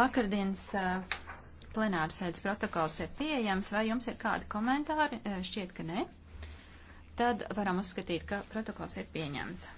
Vakardienas plenāra sēdes protokols ir pieejams, vai jums ir kādi komentāri? Šķiet, ka nē. Tad varam uzskatīt, ka protokols ir pieņemts.